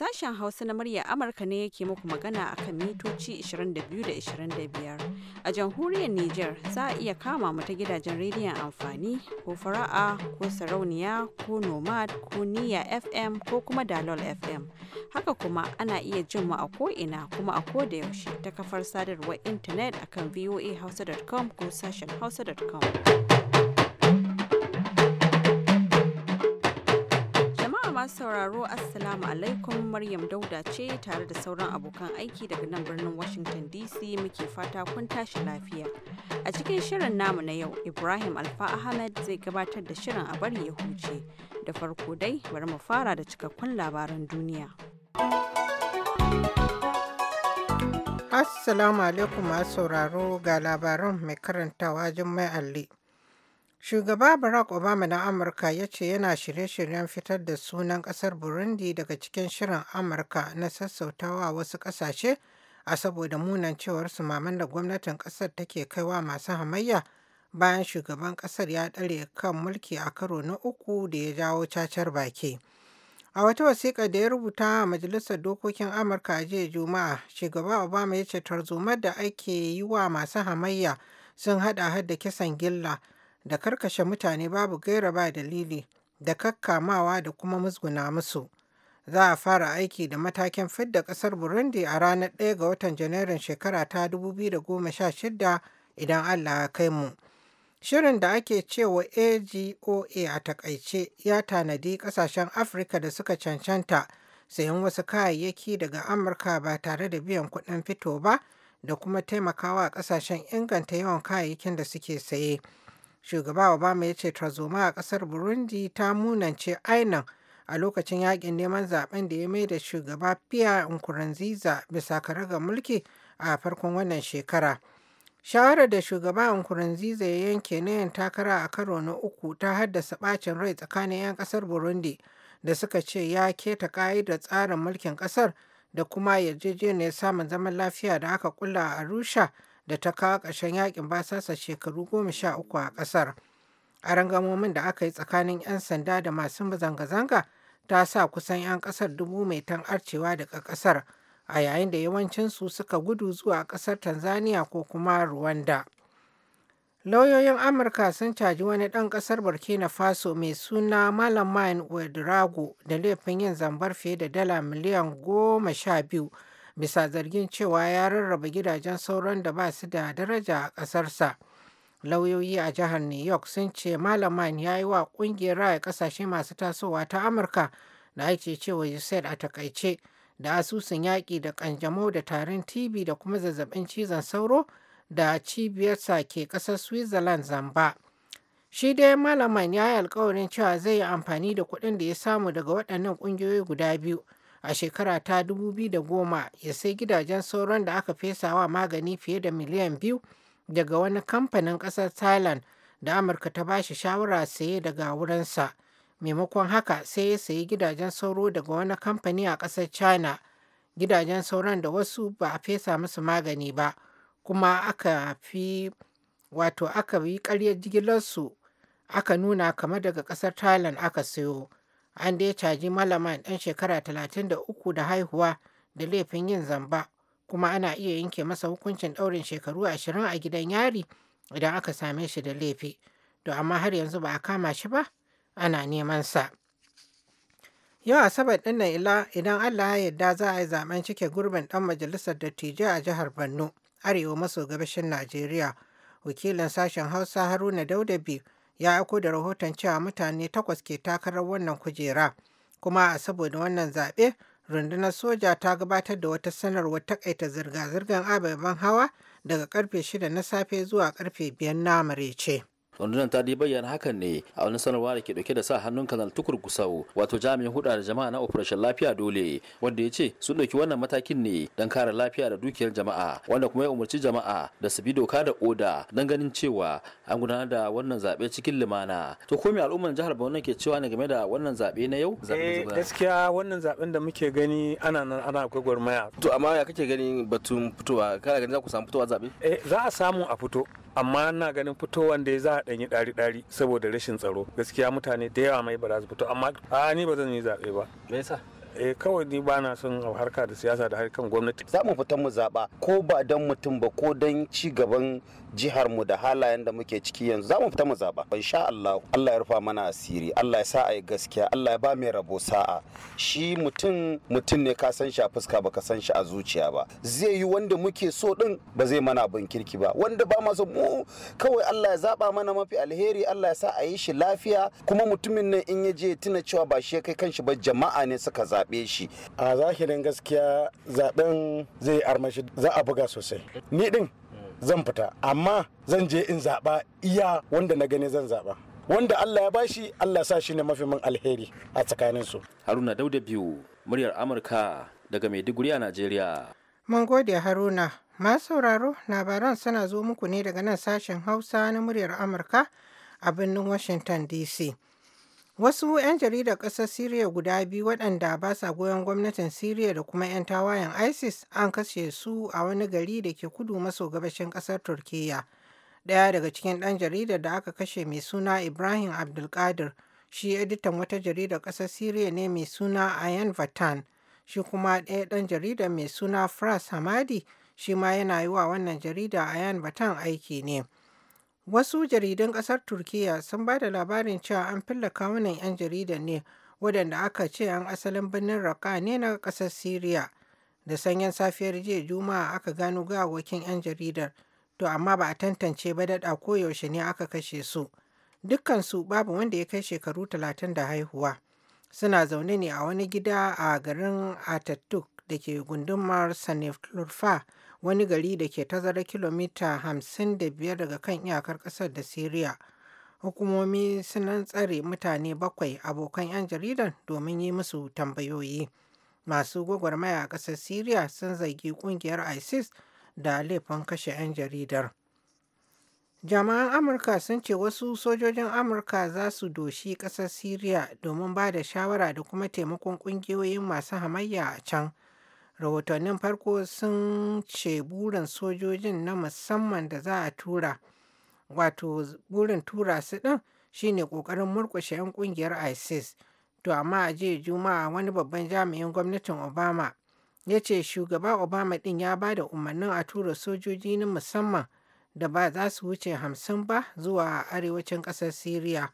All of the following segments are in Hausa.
Sashen Hausa na murya Amurka ne yake muku magana a kan mitoci 22 da 25. A jamhuriyar niger za a iya kama mu ta gidajen rediyon amfani ko fara'a ko sarauniya ko nomad ko niya FM ko kuma dalol FM. Haka kuma ana iya jin mu a ko'ina kuma a ko da yaushe ta kafar sadarwar intanet akan hausa.com ko sashen hausa.com. masu sauraro Assalamu alaikum Maryam Dauda ce tare da sauran abokan aiki daga nan birnin Washington DC muke fata kun tashi lafiya. A cikin shirin namu na yau, Ibrahim Alfa Ahmed zai gabatar da shirin a bari ya huce. Da farko dai bari mu fara da cikakkun labaran duniya. Assalamu alaikum masu sauraro ga labaran mai karantawa Jummai Alli. Shugaba Barack Obama na Amurka ya ce yana shirye-shiryen fitar da sunan ƙasar Burundi daga cikin shirin Amurka na sassautawa wasu ƙasashe a saboda munan su maman da gwamnatin ƙasar take kaiwa masu hamayya bayan shugaban ƙasar ya ɗare kan mulki a karo na uku da ya jawo cacar baki. A wata wasiƙa da ya rubuta a Majalisar Dokokin Amurka a jiya Juma'a, shugaba Obama ya ce tarzomar da ake yi wa masu hamayya sun haɗa har kisan gilla da karkashe mutane babu gaira ba dalili da kakkamawa da kuma musguna musu. Za a fara aiki da matakin fidda ƙasar Burundi a ranar 1 ga watan Janairun shekara ta 2016 idan Allah ya kai mu. Shirin da ake cewa AGOA a takaice ya tanadi kasashen Afirka da suka cancanta sayan wasu kayayyaki daga Amurka ba tare da biyan kuɗin fito ba da kuma taimakawa kasashen inganta yawan kayayyakin da suke saye. shugaba obama ya ce tarzoma a kasar burundi ta munance ainan a lokacin yakin neman zaben da ya mai da shugaba Pierre Nkurunziza bisa ga mulki a farkon wannan shekara. Shawarar da shugaba Nkurunziza ya yanke na yin takara a karo na uku ta haddasa bacin rai tsakanin 'yan kasar Burundi da suka ce ya keta ka'idar tsarin mulkin kasar da kuma yarjejeniyar samun zaman lafiya da aka kula a Arusha da ta kawo ƙarshen yakin basasa shekaru goma sha uku a ƙasar. A rangamomin da aka yi tsakanin 'yan sanda da masu zanga-zanga ta sa kusan 'yan ƙasar dubu mai tan arcewa daga ƙasar a yayin da yawancinsu suka gudu zuwa ƙasar Tanzania ko kuma Rwanda. Lauyoyin Amurka sun caji wani ɗan ƙasar Burkina Faso mai suna Malam wadrago Wedrago da laifin yin zambar fiye da dala miliyan goma sha biyu bisa zargin cewa ya rarraba gidajen sauran da ba su da daraja a ƙasarsa. Lauyoyi a jihar New York sun ce Malaman ya yi wa ƙungiyar raya ƙasashe masu tasowa ta Amurka da ake cewa USAID a takaice da asusun yaƙi da ƙanjamau da tarin TV da kuma zazzabin cizon sauro da cibiyarsa ke ƙasar Switzerland zamba. Shi dai Malaman ya yi alkawarin cewa zai yi amfani da kuɗin da ya samu daga waɗannan ƙungiyoyi guda biyu a shekara ta 2010 ya sai gidajen sauran da aka fesa wa magani fiye da miliyan biyu daga wani kamfanin ƙasar thailand da amurka ta ba shi shawara saye daga wurinsa maimakon haka sai ya sayi gidajen sauro daga wani kamfani a ƙasar china gidajen sauran da wasu ba a fesa musu magani ba kuma aka fi wato aka yi karyar jigilarsu aka nuna kamar daga ƙasar thailand aka sayo an dai caji malaman ɗan shekara talatin da uku da haihuwa da laifin yin zamba kuma ana iya yanke masa hukuncin ɗaurin shekaru ashirin a gidan yari idan aka same shi da laifi to amma har yanzu ba a kama shi ba ana neman sa yau asabar ɗin nan idan allah ya yarda za a yi zaben cike gurbin ɗan majalisar dattijai a jihar borno arewa maso gabashin najeriya wakilin sashen hausa haruna daudabi ya aiko da rahoton cewa mutane takwas ke takarar wannan kujera kuma a saboda wannan zaɓe rundunar soja ta gabatar da wata sanarwar takaita zirga-zirgar ababen hawa daga karfe shida na safe zuwa karfe 5 na marece. rundunar ta dai bayyana hakan ne a wani sanarwa da ke dauke da sa hannun kanal tukur gusau wato jami'in huda da jama'a na operation lafiya dole wanda ya ce sun dauki wannan matakin ne don kare lafiya da dukiyar jama'a wanda kuma ya umarci jama'a da su bi doka da oda don ganin cewa an gudanar da wannan zaɓe cikin limana to ko me al'ummar jihar Borno ke cewa ne game da wannan zaɓe na yau eh, gaskiya wannan zaɓen da muke gani ana nan ana gwagwarmaya to amma ya kake ganin batun fitowa kana ganin za ku samu fitowa zaɓe eh za a samu a fito amma ina ganin fitowan da za a ɗanyi ɗari ɗari saboda rashin tsaro gaskiya mutane da yawa mai ba za su fito amma a ni ba zan yi zaɓe ba me yasa eh kawai ni ba na son harka da siyasa da harkan gwamnati za mu fitan mu zaɓa ko ba don mutum ba ko don ci gaban jihar mu da halayen da muke ciki yanzu za mu fita mu zaba sha Allah Allah ya rufa mana asiri Allah ya sa a yi gaskiya Allah ya ba mai rabo sa'a shi mutum mutum ne ka san shi a fuska ba ka san shi a zuciya ba zai yi wanda muke so din ba zai mana bin kirki ba wanda ba ma so mu kawai Allah ya zaba mana mafi alheri Allah ya sa a yi shi lafiya kuma mutumin nan in ya je tuna cewa ba shi ya kai kanshi ba jama'a ne suka zabe shi a zahirin gaskiya zaben zai armashi za a buga sosai ni din zan fita amma zan je in zaɓa iya wanda na gani zan zaɓa wanda Allah ya bashi Allah sa shi ne mafi alheri a tsakanin su Haruna Dauda biyu muryar Amurka daga Maiduguri a Najeriya. Mun gode Haruna. Masu sauraro labaran suna zo muku ne daga nan sashen Hausa na muryar Amurka a birnin Washington DC. Wasu 'yan jaridar ƙasar Siriya guda biyu waɗanda ba sa goyon gwamnatin Siriya da kuma 'yan tawayen ISIS an kashe su a wani gari da ke kudu maso gabashin ƙasar Turkiyya. Ɗaya daga cikin ɗan jaridar da aka kashe mai suna Ibrahim Abdulkadir shi editan wata jaridar ƙasar Siriya ne mai suna Ayan Vatan. Shi kuma ɗaya ɗan jaridar mai suna Fras Hamadi shi ma yana yi wa wannan jarida Ayan Vatan aiki ne. Wasu jaridun ƙasar Turkiyya sun ba da labarin cewa an fille kawunan 'yan jaridar ne waɗanda aka ce an asalin birnin raka ne na ƙasar Siriya. Da sanyin safiyar jiya Juma'a aka gano gawakin 'yan jaridar, to amma ba a tantance ba daɗa ko yaushe ne aka kashe su. Dukkansu babu wanda ya kai shekaru talatin da haihuwa. Suna zaune ne a wani gida a garin Atatürk da ke gundumar Saniflufa wani gari da ke tazara kilomita 55 daga kan iyakar ƙasar da Siriya. Hukumomi sunan tsare mutane bakwai abokan 'yan jaridan domin yi musu tambayoyi. Masu gwagwarmaya a ƙasar Siriya sun zargi ƙungiyar ISIS da laifin kashe 'yan jaridar. Jama'an Amurka sun ce wasu sojojin Amurka za su doshi ƙasar Siriya domin ba da shawara da kuma taimakon ƙungiyoyin masu hamayya a can. rahotannin farko sun ce burin sojojin na musamman da za a tura wato burin tura su ɗin shine ƙoƙarin murkushe 'yan ƙungiyar isis to amma a jiya juma'a wani babban jami'in gwamnatin obama ya ce shugaba obama ɗin ya ba da umarnin a tura sojoji na musamman da ba za su wuce hamsin ba zuwa arewacin ƙasar syria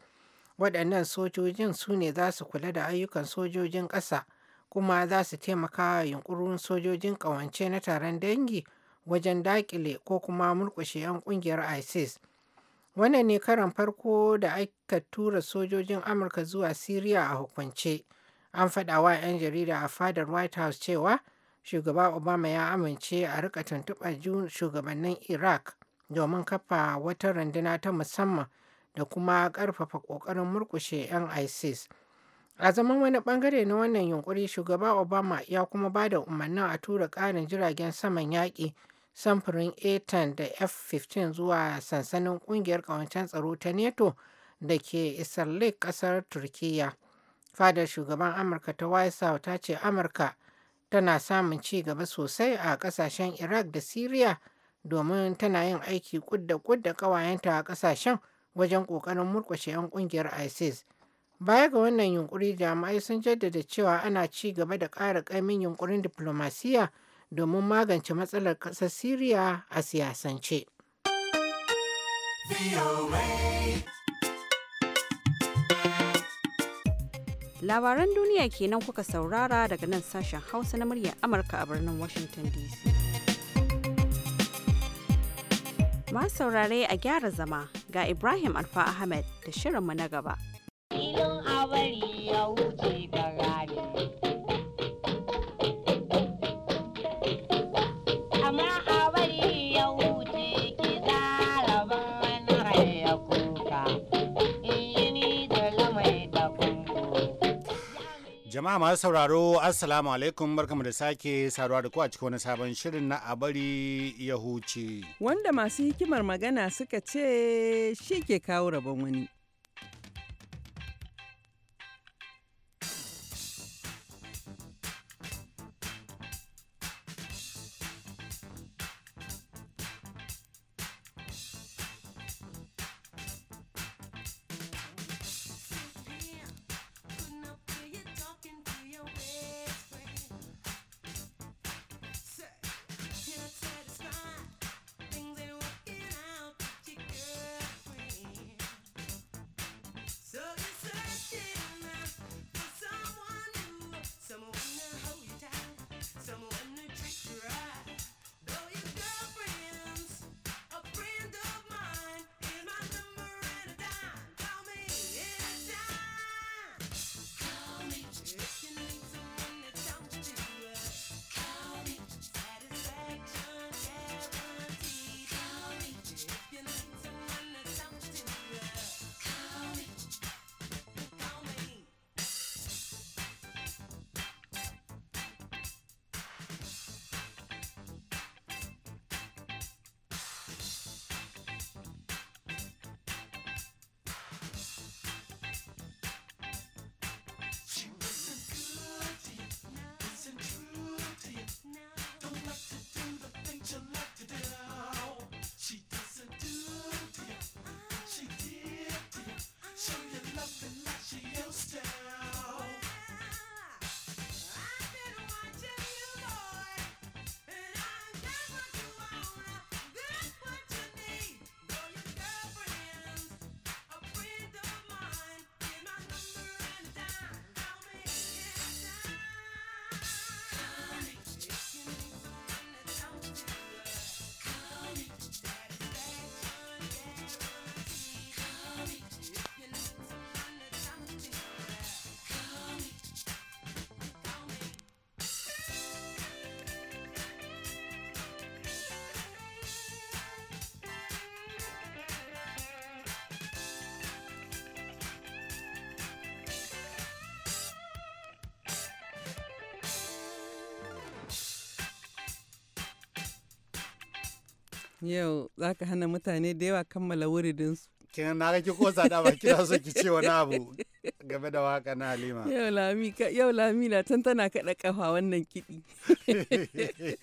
waɗannan sojojin su ne za su kula da ayyukan sojojin ƙasa kuma za su taimaka wa yunkurin sojojin ƙawance na taron dangi wajen daƙile ko kuma murƙushe 'yan ƙungiyar isis wannan ne karan farko da aka tura sojojin amurka zuwa syria a hukunce an faɗa wa 'yan jarida a fadar white house cewa shugaba obama ya amince a rika tuntuɓar shugabannin iraq domin kafa wata runduna ta musamman da kuma ƙarfafa ƙoƙarin murƙushe 'yan isis A zaman wani bangare na wannan yunkuri, Shugaba Obama ya kuma ba da umarnin a tura ƙarin jiragen saman yaƙi samfurin A-10 da F-15 zuwa sansanin ƙungiyar ƙawancen tsaro ta NATO da ke Isiarlik ƙasar Turkiyya. Fadar shugaban Amurka ta White ta ce Amurka tana samun ci gaba sosai a ƙasashen Iraq da Siriya domin tana yin aiki ƙudda kudda ƙawayenta a ƙasashen wajen ƙoƙarin murƙushe 'yan ƙungiyar ISIS. Baya ga wannan yunkuri jami'ai sun jaddada cewa ana ci gaba da ƙara ƙaimin yunkurin diflomasiyya domin magance matsalar ƙasar Siriya a siyasance. Labaran duniya kenan kuka saurara daga nan sashen Hausa na muryar Amurka a birnin Washington DC. Masu saurare a gyara zama ga Ibrahim Alfa Ahmed da shirinmu na gaba. kullum Amma a ya wuce ki zalaban wani kuka, da Jama'a masu sauraro, Assalamu alaikum barkamu da sake saduwa da ku a cikin wani sabon shirin na a ya huce. Wanda masu hikimar magana suka ce shi ke kawo rabon wani. Yau za ka hana mutane da yawa kammala wuridinsu. Kin na ga ki kosa da ba kina so ki ce wani abu game da waka na Halima. Yau Lami yau Lami na tun tana kaɗa kafa wannan kiɗi.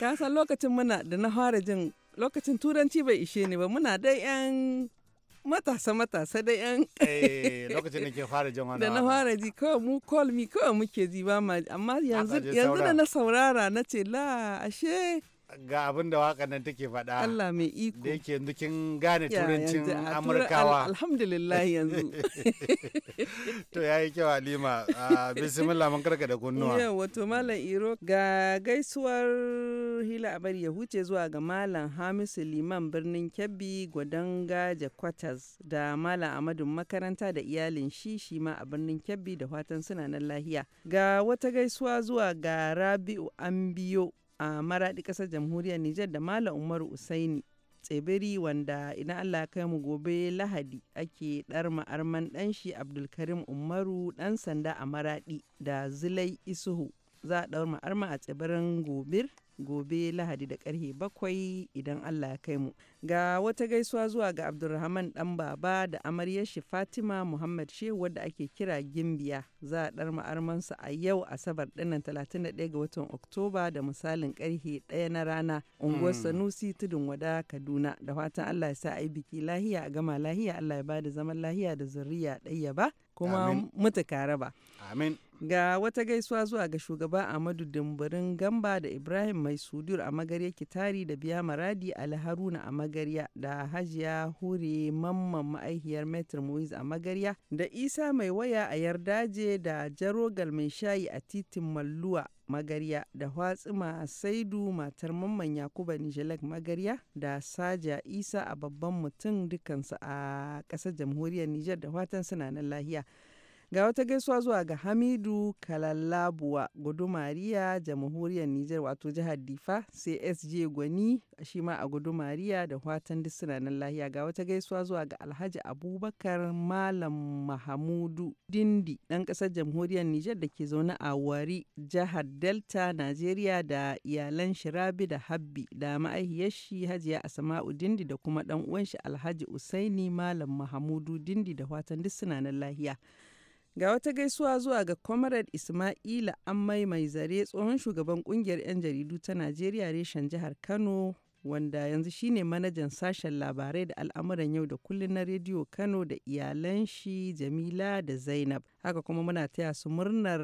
Ka san lokacin muna da na fara jin lokacin turanci bai ishe ni ba muna dai yan matasa matasa da yan eh, lokacin da ke fara jin wani da na fara ji kawai mu call me kawai muke ji ba ma amma yanzu da na saurara na ce la ashe ga abin da wakan nan take faɗa. Allah mai iko. Da yake dukin gane turancin Amurkawa. Alhamdulillah yanzu. To yayi kyau Halima. Bismillah mun karka da kunnuwa. Yau wato Malam Iro ga gaisuwar Hila Abar ya huce zuwa ga Malam Hamisu Liman birnin Kebbi Gwadanga Jakwatas da Malam Amadu makaranta da iyalin shi shi ma a birnin Kebbi da fatan suna nan lahiya. Ga wata gaisuwa zuwa ga Rabi'u an biyo. a maraɗi ƙasar jamhuriyar Nijar da Malam Umaru Usaini tsibiri wanda idan Allah kai mu gobe lahadi ake ɗarma arman ɗanshi Abdulkarim Umaru ɗan sanda a maraɗi da Zulai Isuhu za a ɗaura ma'arma a tsibirin gobir gobe lahadi da karhe bakwai idan allah ya kai mu ga wata gaisuwa zuwa ga abdulrahman dan baba da amaryar shi fatima muhammad shehu wadda ake kira gimbiya za a ɗar ma'armansa a yau asabar ɗinnan 31 ga watan oktoba da misalin karhe ɗaya na rana unguwar hmm. sanusi tudun wada kaduna da fatan allah ya sa a yi biki lahiya a gama lahiya allah ya bada zaman lahiya da zuriya ɗaya ba kuma mutu kare ba Amin. Ga wata gaisuwa zuwa ga shugaba Ahmadu Dumburin Gamba da Ibrahim Mai Sudur a magarya Kitari da Biya Maradi Ali Haruna a magarya da Hajiya Hure Mamman ma'aihiyar Metro Moise a magarya da Isa Mai Waya a Yardaje da Jarogal Mai Shayi a titin Malluwa magarya da Hwatsima Saidu matar Mamman Yakuba Nijalek magarya da Saja Isa a babban mutum dukansu a ƙasar jamhuriyar Nijar da fatan suna nan lahiya. Ga wata gaisuwa zuwa ga Hamidu Kalalabuwa Gudumariya jamhuriyar Nijar wato jihar Difa sai SJ Gwani shi ma a Gudumariya da watan duk suna nan lahiya ga wata gaisuwa zuwa ga Alhaji Abubakar Malam Mahamudu Dindi ɗan ƙasar jamhuriyar Nijar da ke zaune a Wari jihar Delta Najeriya da iyalan Shirabi da Habbi da ma'ahiyar shi Hajiya Asama'u Dindi da kuma ɗan uwan Alhaji Usaini Malam Mahamudu Dindi da watan duk suna nan lahiya. Ga wata gaisuwa zuwa ga Comrade Ismaila Ammai Mai Zare tsohon shugaban kungiyar 'yan jaridu ta Najeriya reshen jihar Kano wanda yanzu shine manajan sashen labarai da al'amuran yau da kullun na rediyo Kano da iyalan shi Jamila da Zainab. Haka kuma muna taya su murnar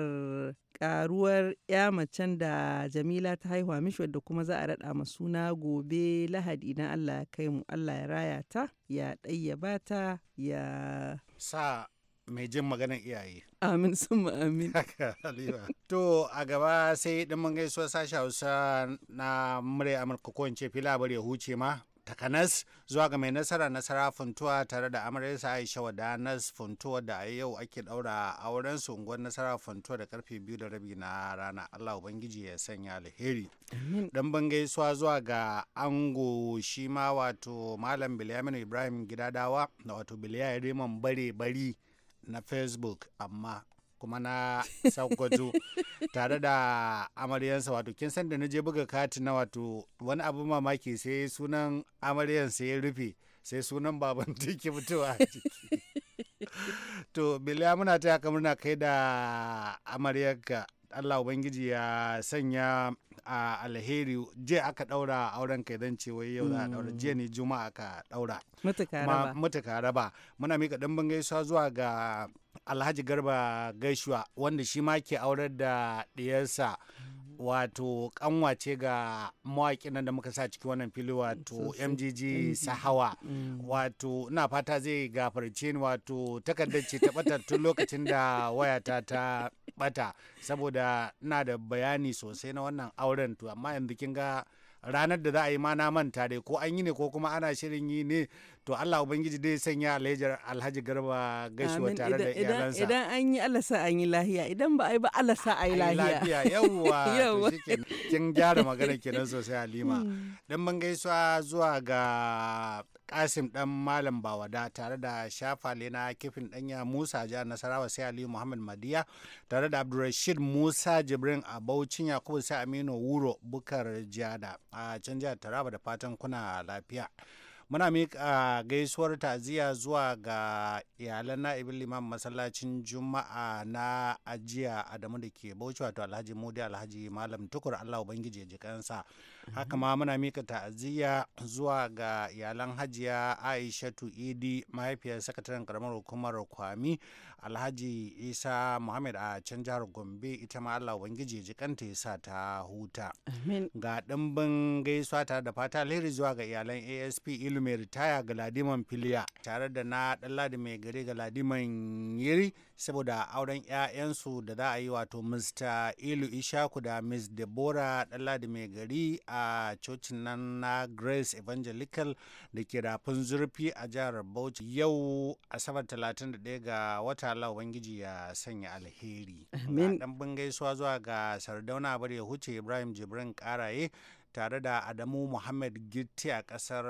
karuwar ya macen da Jamila ta haihuwa mishi wadda kuma za a raɗa ma suna gobe Lahadi idan Allah ya kai mu Allah ya raya ta ya ɗayyaba ta ya sa mai jin maganar iyaye. Amin sun amin. To a gaba sai ɗin mun gaisuwa sashen Hausa na murya Amurka ko in ce ya huce ma takanas zuwa ga mai nasara nasara funtuwa tare da amaryarsa aisha danas funtuwa da yau ake ɗaura. auren su unguwar nasara funtuwa da karfe biyu da rabi na rana allah ubangiji ya sanya alheri dan ban gaisuwa zuwa ga ango shi ma wato malam bilyamin ibrahim gidadawa da wato biliya riman bare bari na facebook amma kuma na saukwazo tare da amaryansa wato kin san da na je buga kati na wato wani abu mamaki sai sunan amaryansa ya rufe sai sunan baban take fitowa a to biliya muna ta kamar na kai da amaryarka Allah Ubangiji ya sanya a alheri je aka daura auren kai dan ce wai yau za a daura mm. je ne juma'a aka daura mutuka raba muna mika dimbin gaisuwa zuwa ga alhaji garba gaishuwa wanda shi ma ke aurar da diyarsa wato ce ga mawaƙi nan da muka sa ciki wannan fili wato mgg sahawa mm. wato ina fata zai gafarce ni wato takardar ce ta batar tun lokacin da wayata ta ɓata saboda ina da bayani sosai na wannan auren to amma yanzu kin ga ranar da za a yi ma na manta dai ko an yi ne ko kuma ana shirin yi ne to Allah ubangiji dai sanya alhajar alhaji garba gaisuwa tare da iyalansa idan an yi Allah sa an yi lahiya idan ba a yi ba Allah sa a yi lahiya lahiya yawwa kin gyara magana kenan sosai Halima mm. dan mun gaisuwa zuwa ga kasim dan malam bawada tare da shafa na kifin danya musa jihar nasarawa sai aliyu muhammad madiya tare da abdulrashid musa jibrin a bauchi yakubu sai aminu wuro bukar jada a can jihar taraba da fatan kuna lafiya muna miƙa gaisuwar taziya zuwa ga iyalan na'ibin liman masallacin juma'a na ajiya adamu da ke bauchi wato alhaji mudi alhaji malam tukur allah ubangiji ya ji haka ma muna mika ta'aziyya zuwa ga iyalan hajiya aisha idi mahaifiyar sakataren karamar hukumar kwami alhaji isa muhammad a can jihar gombe ita ma allah ubangiji ji kanta ya sa ta huta ga ɗimbin gaisuwa tare da fata alheri zuwa ga iyalan asp ilu mai ritaya ga ladiman filiya tare da na ɗan ladi mai gari ga ladiman yiri saboda auren 'ya'yansu da za a yi wato mr ilu ishaku da miss deborah ɗan ladi mai gari a cocin nan na grace evangelical da ke rafin zurfi a jihar bauchi yau asabar 31 ga wata insha Allah ubangiji ya sanya alheri amin dan bin gaisuwa zuwa ga sardauna bar ya huce Ibrahim Jibrin karaye tare da Adamu Muhammad Gitti a kasar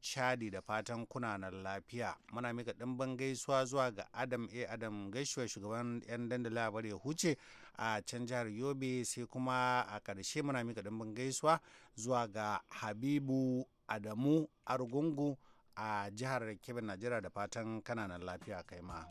Chadi da fatan kuna na lafiya muna mika bin gaisuwa zuwa ga Adam A Adam gaisuwa shugaban yan dandala bar ya huce a can jihar Yobe sai kuma a ƙarshe muna mika bin gaisuwa zuwa ga Habibu Adamu Argungu a jihar Kebbi Najeriya da fatan kananan lafiya kai ma.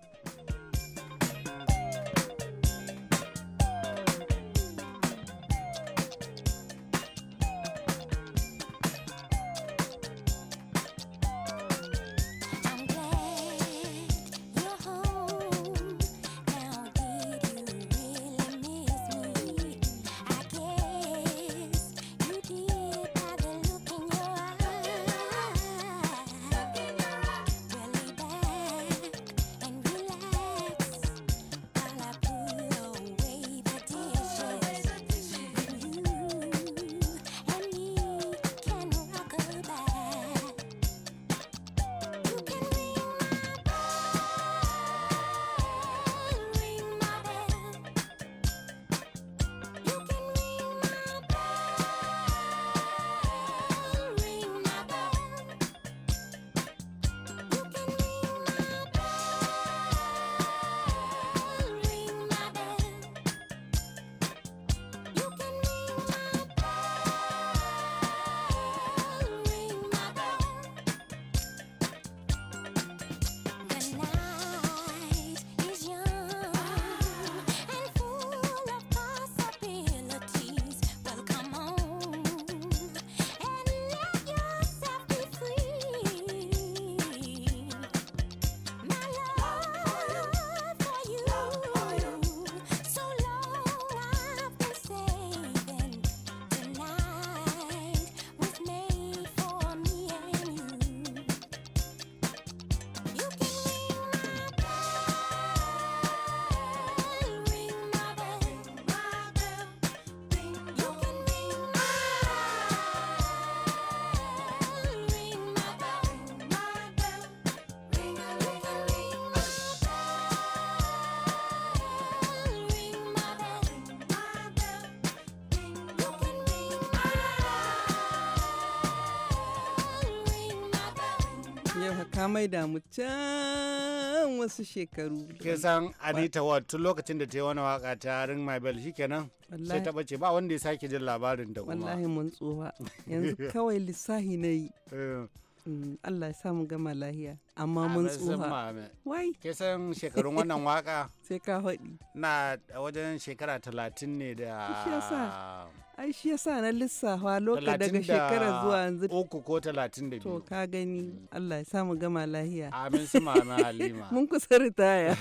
Shehu ka da mu can wasu shekaru. Ke san Anita Ward tun lokacin da ta yi wani waka ta Ring My Bell shikenan sai ta bace ba wanda ya sake jin labarin da kuma. Wallahi mun tsoha yanzu kawai lissahi na yi. Eh. Mm, Allah ya samu gama lahiya amma mun tsoha. Wai. Ke san shekarun wannan waka? Sai ka faɗi. Na wajen shekara talatin ne da. Shi ai shi yasa na lissafa loka daga shekara zuwa yanzu uku ko talatin da biyu to ka gani mm. Allah ya samu gama lahiya amin su mama halima mun kusa ritaya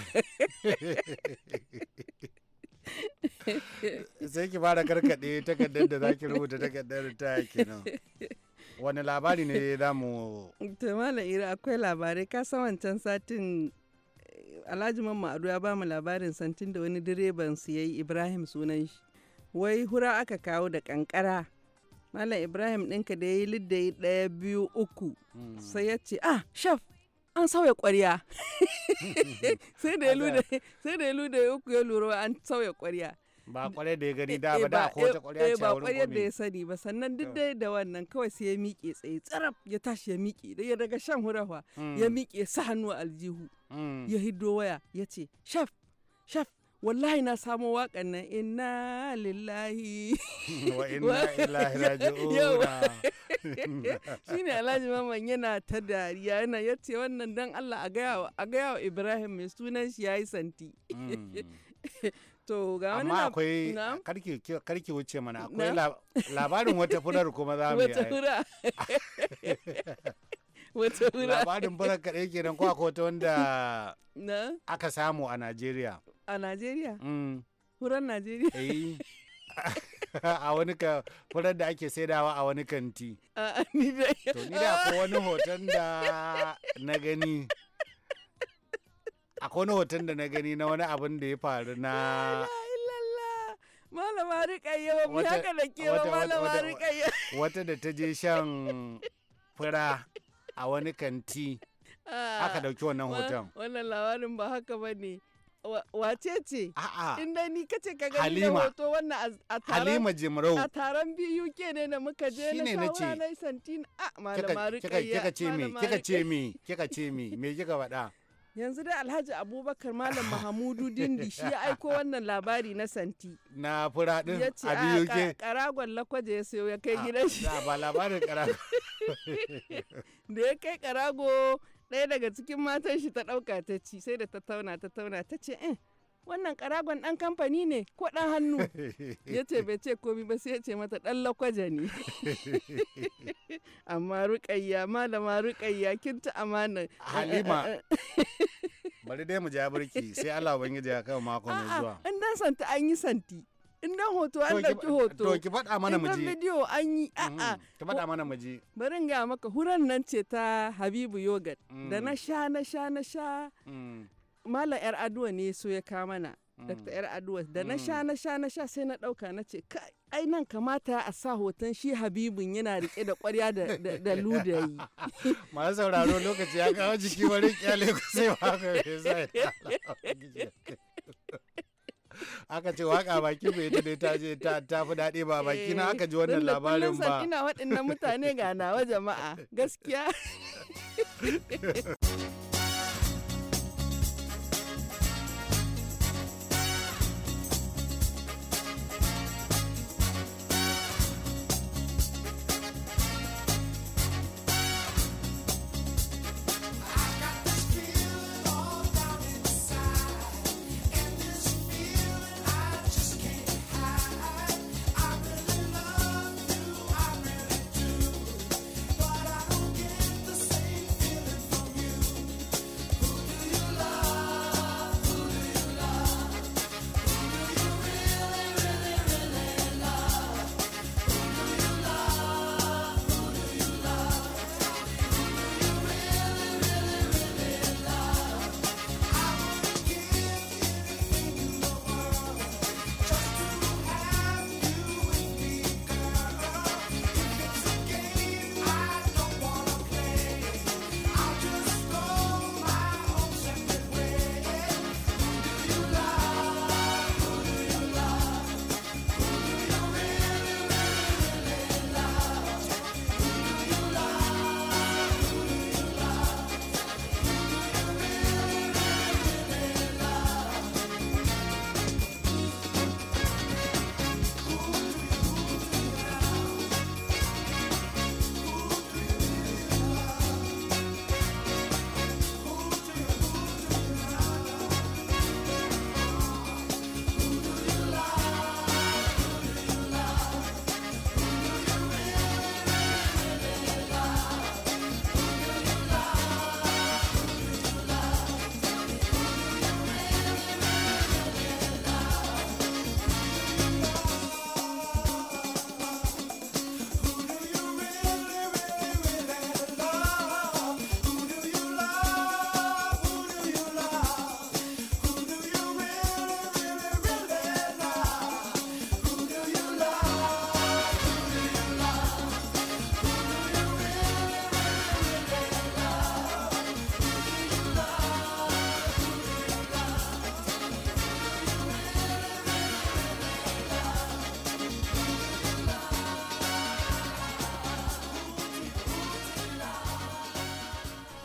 sai ki fara karkaɗe takardar da zaki rubuta takardar ritaya kenan wani labari ne ya mu to malam ira akwai labarai ka san wancan satin eh, alhaji mamma ado ya ba mu labarin santin da wani direban su yayi ibrahim sunan shi wai hura aka kawo da kankara malam ibrahim ɗinka da ya yi liddayi ɗaya biyu uku hmm. sai ya ce ah shaf an sauya kwarya sai da ya luda ya uku ya lura an sauya kwarya ba kwarai da ya gani eh, eh, da ba da ko wata kwarya eh, ce ba kwarai da ya sani ba sannan duk oh. dai da wannan kawai sai ya miƙe tsaye tsaraf ya tashi ya miƙe da ya daga shan hurawa ya hmm. miƙe sa hannu aljihu hmm. ya hiddo waya ya ce shaf shaf wallahi na samo waƙan nan inna lillahi wa inna ilahi raji'una ne Alhaji Mamman yana ta dariya yana yace wannan dan Allah a gaya wa Ibrahim mai sunan shi yi santi mm. to ga wani amma akwai karki wuce mana akwai labarin wata furar kuma za mu yi wata labarin furar kaɗai kenan ko akwai wata wanda aka samu a Najeriya a najeriya mm. furen najeriya eh. a wani ka furar da ake saidawa a wani kanti ni da akwai wani hoton da na gani akwai wani hoton da na gani na wani abin da ya faru na malama rikayya ba mu haka da ke wa malama rikayya wata da ta je shan fura a wani kanti ah. aka dauki wannan hoton wannan labarin ba haka ba ne wace ce inda ni kace ka gani da hoto wannan a taron Halima Jimrau a taron BUK ne da muka je na shawara na Santin a malama Rukayya kika ce me kika ce me kika ce me me kika faɗa yanzu dai alhaji abubakar malam mahamudu dindi shi ya aiko wannan labari na santi na fura din ya ce a karagon lakwaje ya sayo ya kai gidan shi ba labarin karago da ya kai karago ɗaya daga cikin matan shi ta ɗauka ta ci sai da ta tauna ta tauna ta ce eh wannan karagon ɗan kamfani ne ko ɗan hannu ya ce bai ce komi ba sai ya ce mata ɗan lakwaja ne amma rukayya malama rukayya kin ta amana halima bari dai mu ja burki sai Allah ubangiji ya kama mako mai zuwa in dan santi an yi santi in hoto an ɗauki hoto to ki faɗa mana miji in video an yi a'a mm-hmm. ki faɗa mana miji bari ga maka huran nan ce ta Habibu yogurt mm. da na sha na sha na sha mm. Mala yar aduwa ne so ya ka mana mm. Dr. yar aduwa da na sha na sha na sha sai na ɗauka na ce kai ai nan kamata a sa hoton shi habibun yana rike da kwarya da ludayi. Masu sauraro lokaci ya kawo jiki wani kyale ku sai wa ka aka ce waka baki bai ta dai ta je ta fi daɗi ba baki na eh, aka ji wannan labarin ba ina waɗannan mutane ga nawa jama'a gaskiya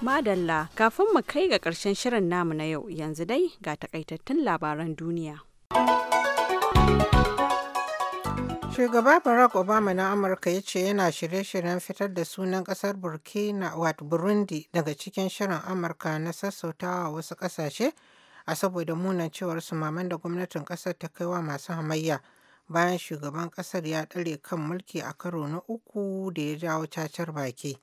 Madalla kafin mu kai ga ƙarshen shirin namu na yau yanzu dai ga takaitattun labaran duniya. Shugaba Barack Obama na Amurka ya ce yana shirye-shiryen fitar da sunan ƙasar Burkina wato Burundi daga cikin shirin Amurka na sassautawa wasu ƙasashe a saboda munan cewar su maman da gwamnatin ƙasar ta kaiwa masu hamayya. bayan shugaban kasar ya ɗare kan mulki a karo na uku da ya jawo cacar baki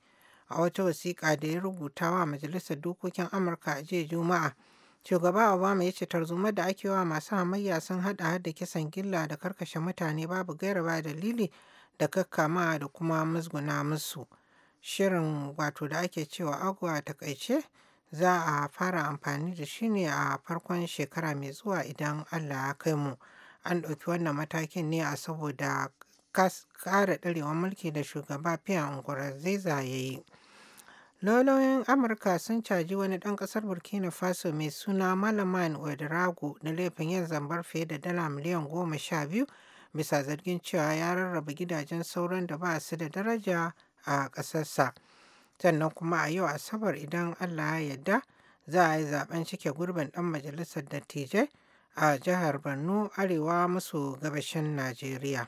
a wata wasiƙa da ya rubuta wa Majalisar Dokokin Amurka a jiya Juma'a. Shugaba Obama ya ce tarzoma da ake wa masu hamayya sun hada har da kisan gilla da karkashe mutane babu gaira ba dalili da kakkama da kuma musguna musu. Shirin wato da ake cewa agwa takaice za a fara amfani da shi ne a farkon shekara mai zuwa idan Allah ya kai mu. An ɗauki wannan matakin ne a saboda ƙara ɗarewar mulki da shugaba fiya Nkurunziza ya yi. Lauyoyin Amurka sun caji wani ɗan ƙasar Burkina Faso mai suna malaman Ouedraogo na laifin yin zambar fiye da dala miliyan goma sha biyu bisa zargin cewa ya rarraba gidajen sauran da ba su da daraja a ƙasarsa. Sannan kuma a yau Asabar idan Allah ya yarda za a yi zaben cike gurbin ɗan majalisar dattijai a jihar Borno Arewa maso gabashin Najeriya.